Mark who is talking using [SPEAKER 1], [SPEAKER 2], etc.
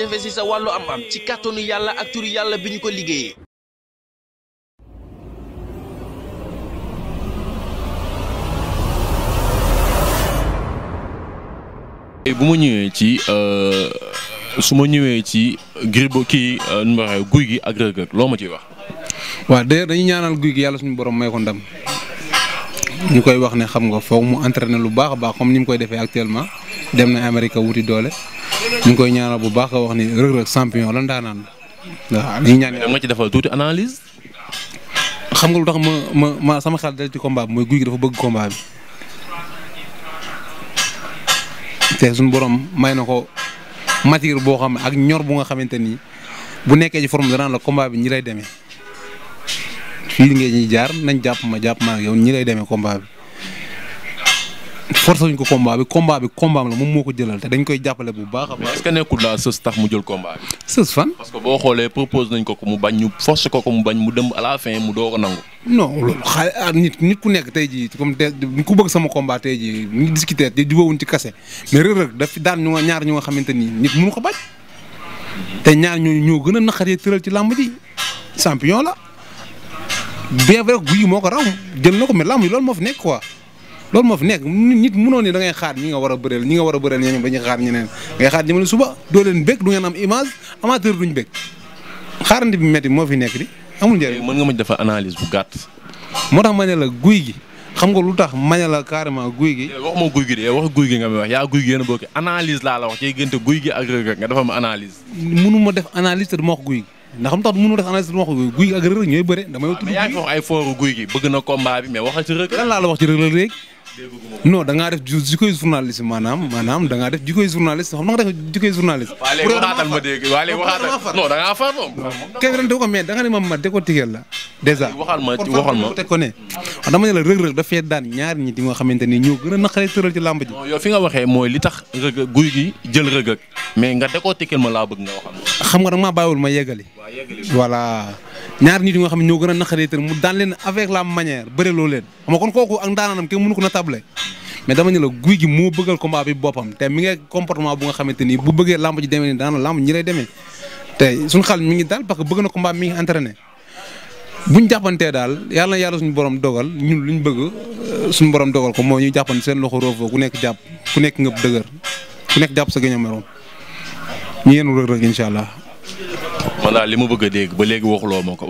[SPEAKER 1] jafe-jafe sa wàllu am ci kàttanu yàlla ak turu yàlla bi ñu ko liggéeyee.
[SPEAKER 2] bu ma ñëwee ci euh, su ma ñëwee ci gribo kii euh, nu guy gi ak Reug loo ma ciy wax. waa de dañu
[SPEAKER 3] ñaanal guy gi yàlla suñu borom may ko ndam ñu koy wax ne xam nga foog mu entraîné lu baax a baax comme ni mu koy defee actuellement dem na Amérique wuti doole. ñu ngi koy ñaanal bu baax a wax ni Reug Reug champion la ndaanaan waaw ñu ñaan nga ci defal tuuti analyse. xam nga lu tax ma ma ma sama xel dal ci combat mooy guy gi dafa bëgg combat bi. te suñu borom may na ko matière boo xam ak ñor bu nga xamante ni bu nekkee ci forom danaan la combat bi ñi lay demee fii ngeen ñuy jaar nañ jàpp ma jàpp maa ak yow ñi lay demee combat bi. force wuñ ko combat bi combat bi combat am la moom moo ko jëlal te dañ koy jàppale bu baax
[SPEAKER 2] a baax. est-ce que nekkul laa sës tax mu jël combat bi. sës fan. parce que boo xoolee propose nañ ko ko mu bañ ñu ko ko mu bañ mu la fin mu doog a nangu.
[SPEAKER 3] non loolu ah, nit nit ku nekk tey jii comme tey ku bëgg sama combat tey jii ñu ngi discuter te jubóowuñ ci kase mais Reug Reug daf daan ñaar ñu nga xamante ni nit mënu ko bañ. te ñaar ñooñu ñoo gën a naqaree tëral ci làmb ji champion la bien vrai guy moo ko raw jël na ko mais làmb yi loolu moo fi nekk quoi loolu moo fi nekk nit mënoo ni da ngay xaar ñi nga war a bëreel ñi nga war a bëreel ñeneen dañuy xaar ñeneen ngay xaar ñemale suba doo leen bëgg du ngeen am image amateur duñ bëgg xaarandi bi métti moo fi nekk di amul njëriñ. mën nga ma defal analyse
[SPEAKER 2] bu gàtt. moo tax ma la guy gi xam nga lu tax ma la carrément guy gi. Eh, waxuma guy gi de wax guy gi nga may wax yaa guy gi yéen a bokk analyse laa la wax ci gënte guy gi ak Reug nga defal ma analyse.
[SPEAKER 3] mënuma def analyse te guy ndax xam tax mënu guy gi ak Reug Reug ñooy bëre damay ah, tudd guy
[SPEAKER 2] gi wax ay fooru guy gi bëgg na combat bi mais waxal ci Reug Reug
[SPEAKER 3] lan laa la wax ci Reug Reug léegi non da ngaa def jikkoy journaliste maanaam maanaam da ngaa def jikkoy journaliste xam na nga def jikkoy journaliste.
[SPEAKER 2] waaw léegi waxaatal ma dégg waaw léegi waxaatal non da ngaa far moom.
[SPEAKER 3] kenn ren ko mais da nga ne ma ma décortiquer la dèjà.
[SPEAKER 2] waxal ma waxal ma teg ko
[SPEAKER 3] ne. dama ne la rëg-rëg dafee daan ñaar ñi di nga xamante ni ñoo gën a naqaree tëral ci làmb ji.
[SPEAKER 2] non yow fi nga waxee mooy li tax rëg guy gi jël rëg mais nga décortiquer ma laa bëgg nga waxal.
[SPEAKER 3] xam nga da nga maa bàyyiwul ma yeggali. voilà ñaar nit yi nga xam ñoo gën a naqaree tër mu daan leen avec la manière bëre loo leen xam nga kon kooku ak ndaanaanam kenn mënu ko na table mais dama ñu la guy gi moo bëggal combat bi boppam te mi ngi comportement bu nga xamante ni bu bëggee lamb ji demee ni daana lamb ñi lay demee te ngi daal daal yàlla na yàlla borom dogal ñun luñ bëgg euh, suñu borom dogal ko moo ñu jàppan seen loxo roofoo ku nekk jàpp ku nekk ngëb dëgër ku nekk jàpp sa gëñam meroom ñu yéen rëg rëg incha allah
[SPEAKER 2] man daal li ma bëgg a dégg ba léegi waxuloo ma ko